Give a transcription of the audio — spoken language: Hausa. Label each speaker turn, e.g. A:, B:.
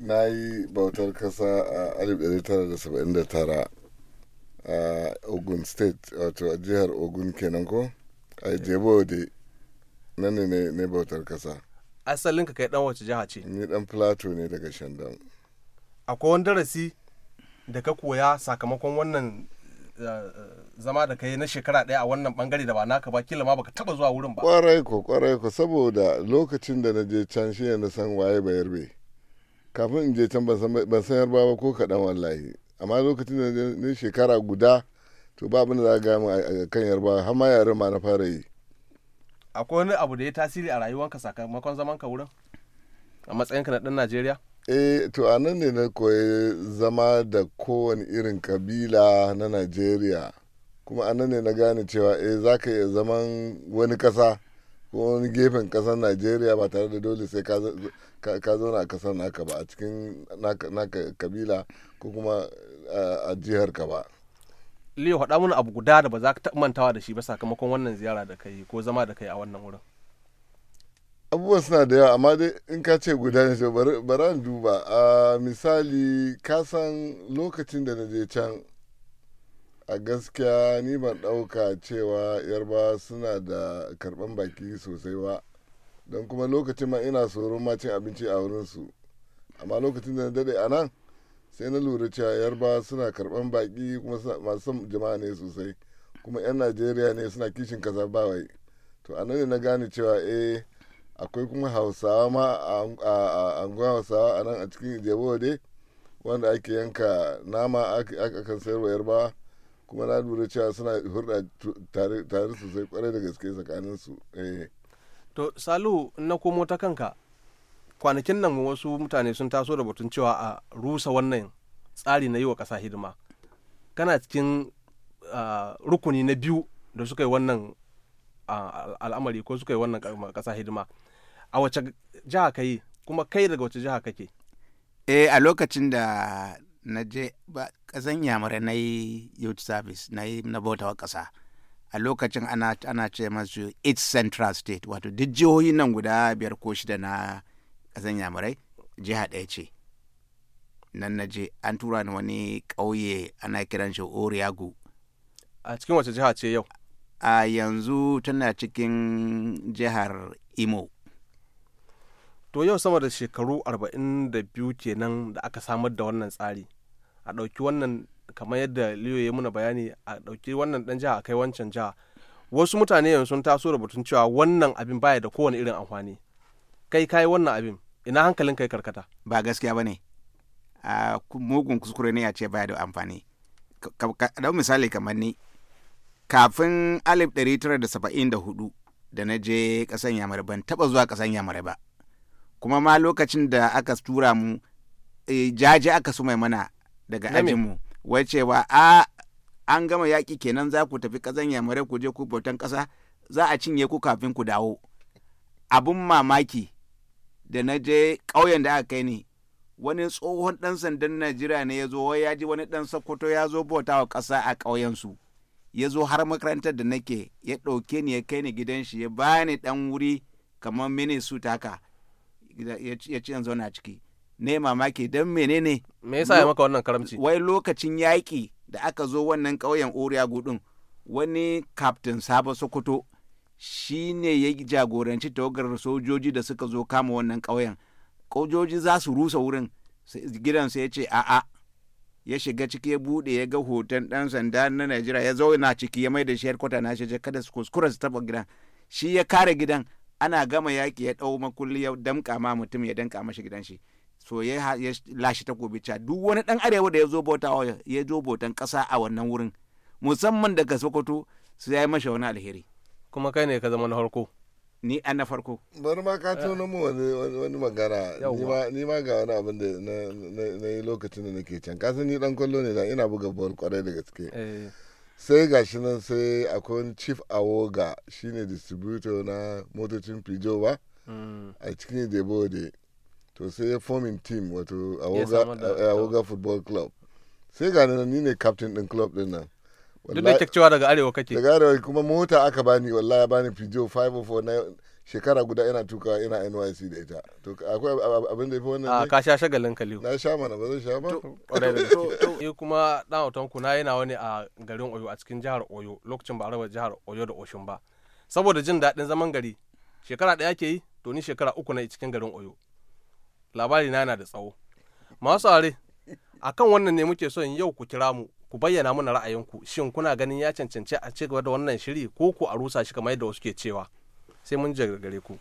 A: na yi bautar kasa a 1979 a ogun state wato a jihar ogun kenan ko a jebo da nan ne ne bautar kasa asalin ka kai dan wace jiha ce ni dan plato ne daga shandan
B: akwai wani darasi da ka koya sakamakon wannan eh, eh, zama da kai na shekara ɗaya a wannan bangare da ba naka ba kila ma baka taba zuwa wurin ba
A: kwarai ko kwarai ko saboda lokacin da na je can shi ne na san waye bayarbe kafin in je can ban san ba ko kaɗan wallahi amma lokacin da ne shekara guda to ba abin da za a gaya a kan yarbawa har ma yaren ma na fara yi
B: akwai wani abu da ya tasiri a rayuwanka sakamakon zaman ka wurin
A: a matsayinka na ɗan najeriya eh to a nan ne na koyi zama da kowane irin kabila na najeriya kuma a nan ne na gane cewa eh za ka iya zaman wani kasa. ko wani gefen kasar najeriya ba tare da dole sai ka zauna a kasar naka ba a cikin naka kabila ko kuma a jihar ka ba
B: leo haɗa mana abu guda da ba za ka mantawa da shi ba sakamakon wannan ziyara da kai ko zama da kai a wannan wurin
A: abubuwa suna da yawa amma dai in ka ce guda ne bara duba a misali ka san lokacin da na je can a gaskiya ni ban ɗauka cewa yarba suna da karɓan baki sosai ba don kuma lokacin ma ina tsoron ma cin abinci a wurinsu amma lokacin da na daɗe a nan sai na lura cewa yarba suna karɓan baki kuma masu son jama'a ne sosai kuma 'yan najeriya ne suna kishin kasa bawai to a nan na gane cewa eh akwai kuma hausawa ma a hausawa a nan a cikin ijebuwa wanda ake yanka nama akan sayarwa yarbawa kuma na lura cewa suna hurɗa tare sosai kwarai da gaske tsakanin su eh.
B: to salu na komo ta kanka kwanakin nan wasu mutane sun taso da batun cewa a rusa wannan tsari na yi wa ƙasa hidima kana cikin rukuni na biyu da suka yi wannan al'amari ko suka yi wannan ƙasa hidima a wace jiha ka yi kuma kai daga wace jiha kake
C: eh a lokacin da na je ba ƙasan yamare na yi youth service na yi na bautawa ƙasa a lokacin ana, ana ce masu its central state wato duk jihohi nan guda biyar ko shida na ƙasan yamurai jiha ɗaya ce nan na je an tura ni wani ƙauye ana kiran shi oriyagu a cikin wace jiha ce yau a yanzu tana cikin jihar imo
B: to yau sama da shekaru 42 kenan da aka samar da wannan tsari a ɗauki wannan kamar yadda liyo ya muna bayani a ɗauki wannan ɗan jiha a kai wancan jiha wasu mutane yanzu sun taso da batun cewa wannan abin baya da kowane irin amfani kai kai wannan abin ina hankalin kai karkata ba gaskiya bane
C: a mugun kuskure ne ya ce baya da amfani dau misali kamar ni kafin 1974 da na je ƙasan yamare ban taɓa zuwa ƙasan yamare ba kuma ma lokacin da aka tura mu eh, jaji aka su mai mana daga ajinmu wai cewa a an gama yaƙi kenan za ku tafi ƙasan yamare ku je ku bautan ƙasa za a cinye ku kafin ku dawo abun mamaki da na je ƙauyen da aka kai ni wani tsohon ɗan sandan najeriya ne ya zo wai ya ji wani ɗan sokoto ya zo wa ƙasa a ƙauyensu ya zo har makarantar da nake ya ɗauke ni ya kai ni gidan shi ya bani ɗan wuri kamar mini su taka ya ci yanzu na ciki ne mamaki don menene me yasa ya maka wannan karamci wai lokacin yaƙi da aka zo wannan ƙauyen oriya gudun wani kaftin sabo sokoto shi ne ya jagoranci tawagar sojoji da suka zo kama wannan ƙauyen ƙaujoji za su rusa wurin gidansa ya ce a'a ya shiga ciki ya bude ya ga hoton dan sanda na najeriya ya zauna ciki ya mai da shi kwata na shi kada su kuskura su taba gidan shi ya kare gidan ana gama yaƙi ya ɗau makulli ya damƙa ma mutum ya damƙa mashi gidan shi so ya lashe takobi ca duk wani ɗan arewa da ya zo bautawa ya zo bautan ƙasa a wannan wurin musamman daga sokoto su ya yi mashi wani alheri kuma kai ne ka zama na farko ni an
A: na farko bari ma ka tono mu wani magana ni ma ga wani abin da na yi lokacin da nake can kasan ni dan kwallo ne da ina buga bol kwarai da gaske eh. sai ga shi nan sai akwai chief awoga shine distributor na motocin pijo ba mm. a cikin debode to sai forming team wato eh, awoga football club sai ga nan ni ne captain din club din nan duk da cewa daga arewa kake daga arewa kuma mota aka bani wallahi bani pijo 504 shekara guda ina tuka ina NYC da ita to akwai abin da yafi wannan ka sha shagalin kaliu na sha mana ba zan sha ba to
B: ni kuma dan autan ku na yana wani a garin Oyo a cikin jihar Oyo lokacin ba raba jihar Oyo da Oshun ba saboda jin daɗin zaman gari shekara ɗaya ke yi to ni shekara uku na cikin garin Oyo labari na yana da tsawo masu are akan wannan ne muke son yau ku kira mu ku bayyana mana ra'ayinku shin kuna ganin ya cancanci a ci gaba da wannan shiri ko ku a rusa shi kamar yadda wasu ke cewa sai mun gare ku